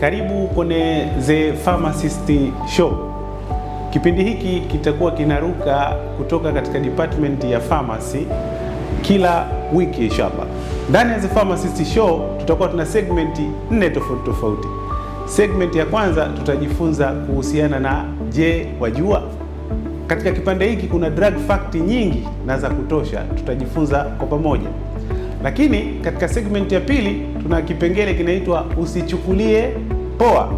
Karibu kwenye The Pharmacist Show. Kipindi hiki kitakuwa kinaruka kutoka katika department ya pharmacy kila wiki inshallah. Ndani ya The Pharmacist Show tutakuwa tuna segment nne tofauti tofauti. Segment ya kwanza tutajifunza kuhusiana na je, wajua? Katika kipande hiki kuna drug fact nyingi na za kutosha, tutajifunza kwa pamoja. Lakini katika segment ya pili kuna kipengele kinaitwa usichukulie poa.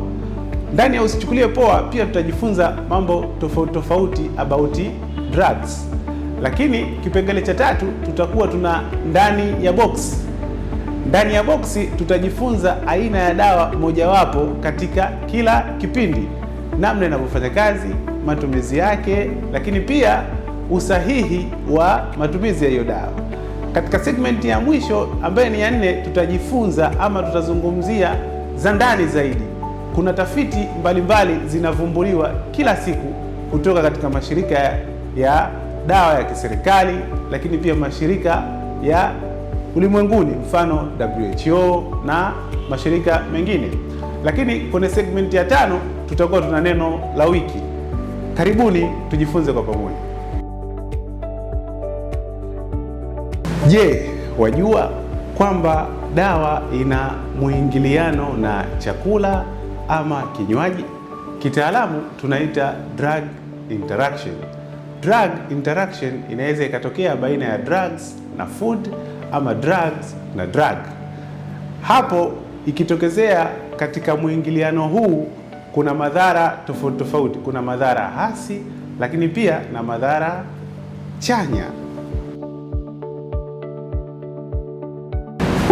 Ndani ya usichukulie poa pia tutajifunza mambo tofauti tofauti about drugs, lakini kipengele cha tatu tutakuwa tuna ndani ya box. Ndani ya boksi tutajifunza aina ya dawa mojawapo katika kila kipindi, namna inavyofanya kazi, matumizi yake, lakini pia usahihi wa matumizi ya hiyo dawa. Katika segmenti ya mwisho ambayo ni ya nne, tutajifunza ama tutazungumzia za ndani zaidi. Kuna tafiti mbalimbali zinavumbuliwa kila siku kutoka katika mashirika ya, ya dawa ya kiserikali, lakini pia mashirika ya ulimwenguni, mfano WHO na mashirika mengine. Lakini kwenye segmenti ya tano tutakuwa tuna neno la wiki. Karibuni tujifunze kwa pamoja. Je, wajua kwamba dawa ina mwingiliano na chakula ama kinywaji? Kitaalamu tunaita drug interaction. Drug interaction inaweza ikatokea baina ya drugs na food ama drugs na drug. Hapo ikitokezea katika mwingiliano huu, kuna madhara tofauti tofauti. Kuna madhara hasi, lakini pia na madhara chanya.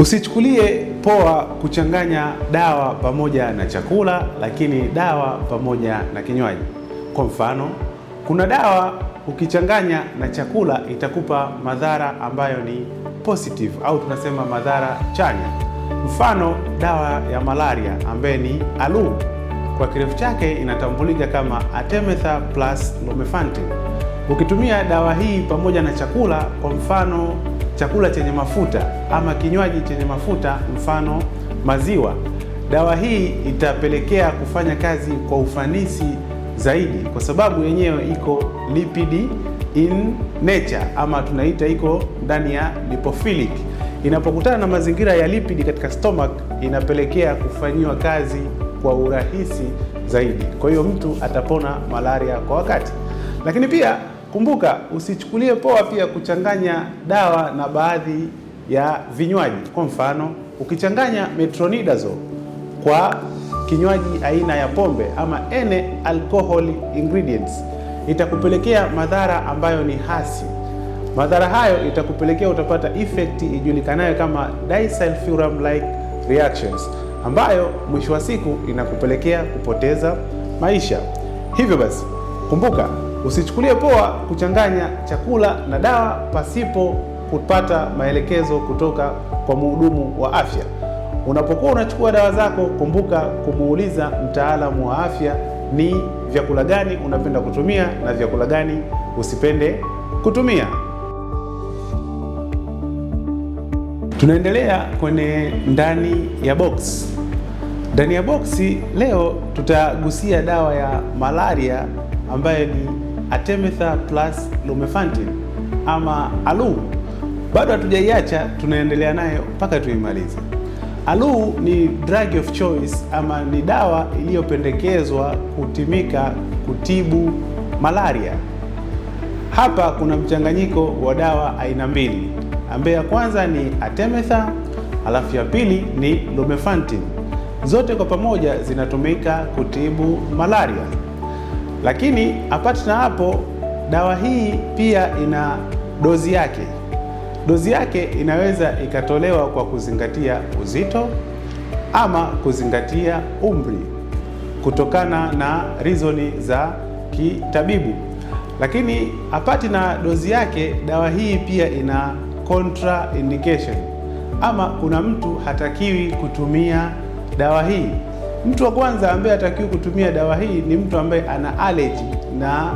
Usichukulie poa kuchanganya dawa pamoja na chakula, lakini dawa pamoja na kinywaji. Kwa mfano, kuna dawa ukichanganya na chakula itakupa madhara ambayo ni positive au tunasema madhara chanya. Mfano, dawa ya malaria ambaye ni alu kwa kirefu chake inatambulika kama Artemether plus Lumefantrine. Ukitumia dawa hii pamoja na chakula, kwa mfano chakula chenye mafuta ama kinywaji chenye mafuta, mfano maziwa. Dawa hii itapelekea kufanya kazi kwa ufanisi zaidi, kwa sababu yenyewe iko lipid in nature, ama tunaita iko ndani ya lipophilic. Inapokutana na mazingira ya lipid katika stomach, inapelekea kufanyiwa kazi kwa urahisi zaidi. Kwa hiyo mtu atapona malaria kwa wakati, lakini pia Kumbuka, usichukulie poa pia kuchanganya dawa na baadhi ya vinywaji. Kwa mfano, ukichanganya metronidazole kwa kinywaji aina ya pombe ama any alcohol ingredients itakupelekea madhara ambayo ni hasi. Madhara hayo itakupelekea utapata effect ijulikanayo kama disulfiram like reactions ambayo mwisho wa siku inakupelekea kupoteza maisha. Hivyo basi, kumbuka Usichukulie poa kuchanganya chakula na dawa pasipo kupata maelekezo kutoka kwa mhudumu wa afya. Unapokuwa unachukua dawa zako, kumbuka kumuuliza mtaalamu wa afya ni vyakula gani unapenda kutumia na vyakula gani usipende kutumia. Tunaendelea kwenye ndani ya box. Ndani ya boksi leo tutagusia dawa ya malaria ambayo ni Artemether plus lumefantrine ama ALU bado hatujaiacha, tunaendelea nayo mpaka tuimalize. ALU ni drug of choice ama ni dawa iliyopendekezwa kutumika kutibu malaria. Hapa kuna mchanganyiko wa dawa aina mbili, ambaye ya kwanza ni Artemether, alafu ya pili ni lumefantrine. Zote kwa pamoja zinatumika kutibu malaria. Lakini apart na hapo, dawa hii pia ina dozi yake. Dozi yake inaweza ikatolewa kwa kuzingatia uzito ama kuzingatia umri, kutokana na rizoni za kitabibu. Lakini apati na dozi yake, dawa hii pia ina contraindication, ama kuna mtu hatakiwi kutumia dawa hii. Mtu wa kwanza ambaye atakiwa kutumia dawa hii ni mtu ambaye ana allergy na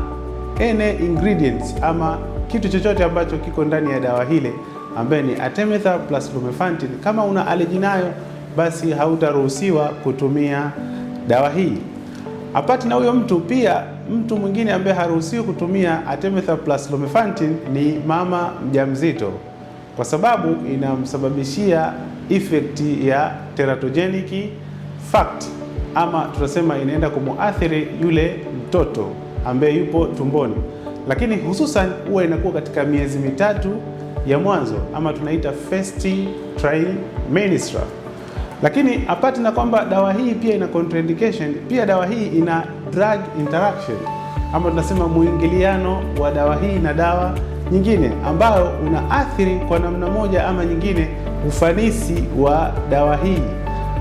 any ingredients ama kitu chochote ambacho kiko ndani ya dawa hile ambaye ni artemether plus lumefantin. Kama una allergy nayo, basi hautaruhusiwa kutumia dawa hii. Apart na huyo mtu, pia mtu mwingine ambaye haruhusiwi kutumia artemether plus lumefantin ni mama mjamzito, kwa sababu inamsababishia effect ya teratogenic fact ama tunasema inaenda kumuathiri yule mtoto ambaye yupo tumboni, lakini hususan huwa inakuwa katika miezi mitatu ya mwanzo ama tunaita first trimester. Lakini apart na kwamba dawa hii pia ina contraindication, pia dawa hii ina drug interaction ama tunasema mwingiliano wa dawa hii na dawa nyingine ambayo unaathiri kwa namna moja ama nyingine ufanisi wa dawa hii.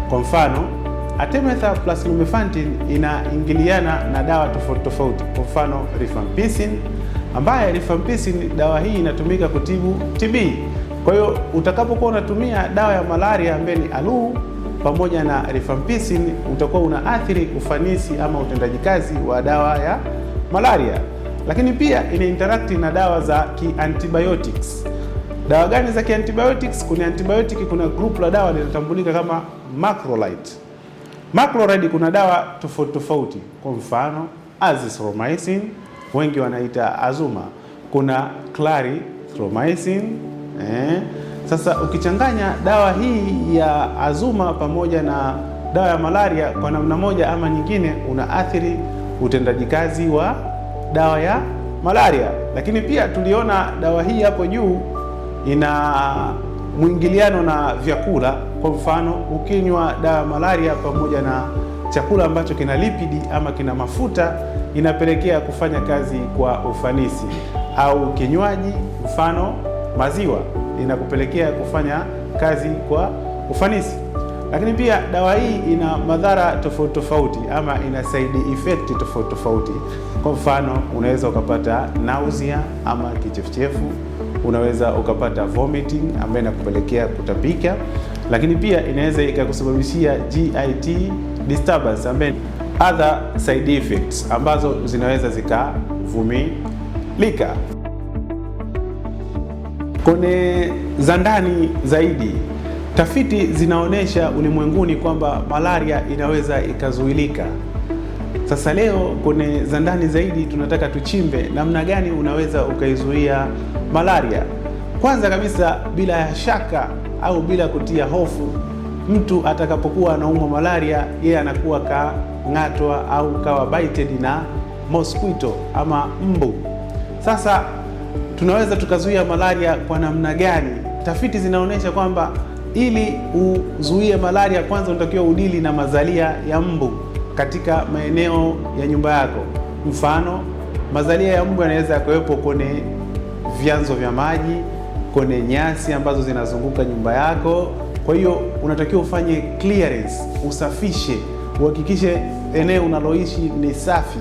Kwa mfano Artemether plus lumefantrine inaingiliana na dawa tofauti tofauti, kwa mfano rifampicin, ambaye rifampicin dawa hii inatumika kutibu TB. Kwa hiyo utakapokuwa unatumia dawa ya malaria ambayo ni aluu pamoja na rifampicin, utakuwa unaathiri ufanisi ama utendaji kazi wa dawa ya malaria, lakini pia ina interact na dawa za kiantibiotics. Dawa gani za kiantibiotics? Kuna antibiotic, kuna group la dawa linatambulika kama macrolide. Macrolide kuna dawa tofauti tofauti, kwa mfano azithromycin, wengi wanaita Azuma, kuna clarithromycin eh. Sasa ukichanganya dawa hii ya Azuma pamoja na dawa ya malaria kwa namna moja ama nyingine, unaathiri utendaji kazi wa dawa ya malaria. Lakini pia tuliona dawa hii hapo juu ina mwingiliano na vyakula. Kwa mfano, ukinywa dawa ya malaria pamoja na chakula ambacho kina lipidi ama kina mafuta, inapelekea kufanya kazi kwa ufanisi, au kinywaji, mfano maziwa, inakupelekea kufanya kazi kwa ufanisi. Lakini pia dawa hii ina madhara tofauti tofauti, ama ina side effect tofauti tofauti. Kwa mfano, unaweza ukapata nausea ama kichefuchefu unaweza ukapata vomiting ambayo inakupelekea kutapika, lakini pia inaweza ikakusababishia GIT disturbance ambayo other side effects ambazo zinaweza zikavumilika. Kone za ndani zaidi, tafiti zinaonyesha ulimwenguni kwamba malaria inaweza ikazuilika. Sasa leo kwenye za ndani zaidi tunataka tuchimbe namna gani unaweza ukaizuia malaria. Kwanza kabisa, bila ya shaka au bila kutia hofu, mtu atakapokuwa anaumwa malaria, yeye anakuwa kang'atwa au kawa bited na mosquito ama mbu. Sasa tunaweza tukazuia malaria kwa namna gani? Tafiti zinaonyesha kwamba ili uzuie malaria, kwanza unatakiwa udili na mazalia ya mbu katika maeneo ya nyumba yako. Mfano, mazalia ya mbu yanaweza yakawepo kwenye vyanzo vya maji, kwenye nyasi ambazo zinazunguka nyumba yako. Kwa hiyo unatakiwa ufanye clearance, usafishe, uhakikishe eneo unaloishi ni safi,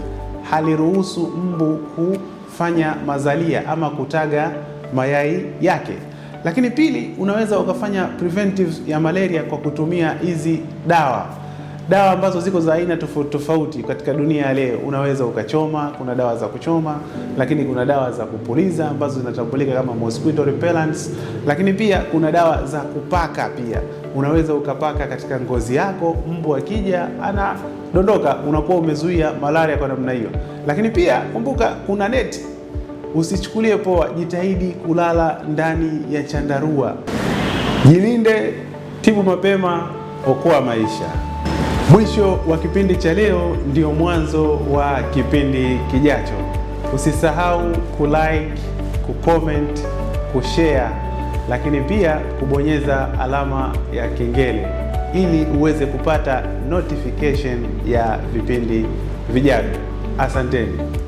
haliruhusu mbu kufanya mazalia ama kutaga mayai yake. Lakini pili, unaweza ukafanya preventive ya malaria kwa kutumia hizi dawa dawa ambazo ziko za aina tofauti tofauti katika dunia ya leo. Unaweza ukachoma, kuna dawa za kuchoma, lakini kuna dawa za kupuliza ambazo zinatambulika kama mosquito repellents, lakini pia kuna dawa za kupaka. Pia unaweza ukapaka katika ngozi yako, mbu akija anadondoka, unakuwa umezuia malaria kwa namna hiyo. Lakini pia kumbuka, kuna neti, usichukulie poa. Jitahidi kulala ndani ya chandarua. Jilinde, tibu mapema, okoa maisha. Mwisho wa kipindi cha leo ndio mwanzo wa kipindi kijacho. Usisahau kulike, kucomment, kushare, lakini pia kubonyeza alama ya kengele ili uweze kupata notification ya vipindi vijavyo. Asanteni.